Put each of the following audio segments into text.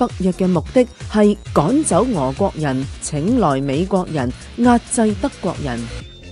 北約嘅目的係趕走俄國人，請來美國人，壓制德國人，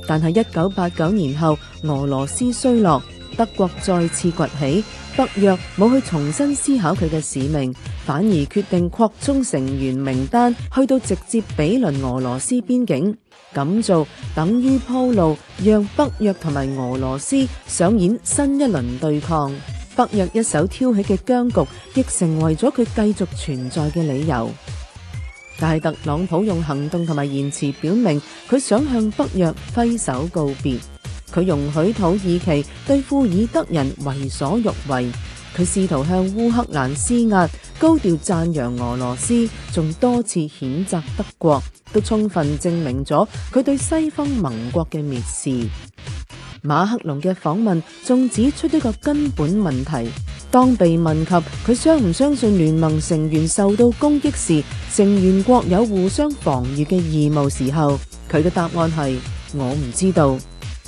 但係一九八九年後俄羅斯衰落，德國再次崛起，北約冇去重新思考佢嘅使命，反而決定擴充成員名單，去到直接比鄰俄羅斯邊境。咁做等於鋪路，讓北約同埋俄羅斯上演新一輪對抗。北約一手挑起嘅僵局，亦成為咗佢繼續存在嘅理由。但係特朗普用行動同埋言辭表明，佢想向北約揮手告別。佢容許土耳其對庫爾德人為所欲為，佢試圖向烏克蘭施壓，高調讚揚俄羅斯，仲多次譴責德國，都充分證明咗佢對西方盟國嘅蔑視。馬克龍嘅訪問仲指出一個根本問題：當被問及佢相唔相信聯盟成員受到攻擊時，成員國有互相防禦嘅義務時候，佢嘅答案係我唔知道。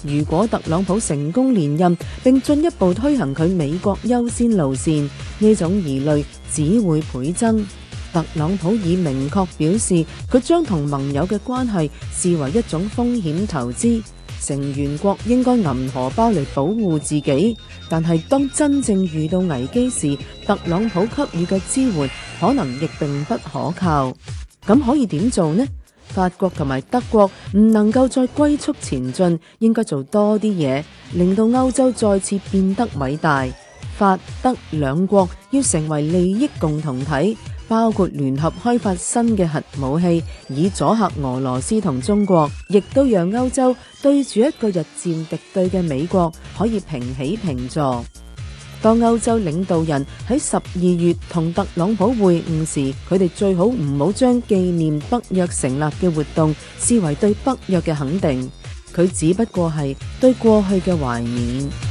如果特朗普成功連任，並進一步推行佢美國優先路綫，呢種疑慮只會倍增。特朗普已明確表示，佢將同盟友嘅關係視為一種風險投資。成員國應該銀荷包嚟保護自己，但係當真正遇到危機時，特朗普給予嘅支援可能亦並不可靠。咁可以點做呢？法國同埋德國唔能夠再龜速前進，應該做多啲嘢，令到歐洲再次變得偉大。法德兩國要成為利益共同體。包括聯合開發新嘅核武器，以阻吓俄羅斯同中國，亦都讓歐洲對住一個日漸敵對嘅美國可以平起平坐。當歐洲領導人喺十二月同特朗普會晤時，佢哋最好唔好將紀念北約成立嘅活動視為對北約嘅肯定，佢只不過係對過去嘅懷念。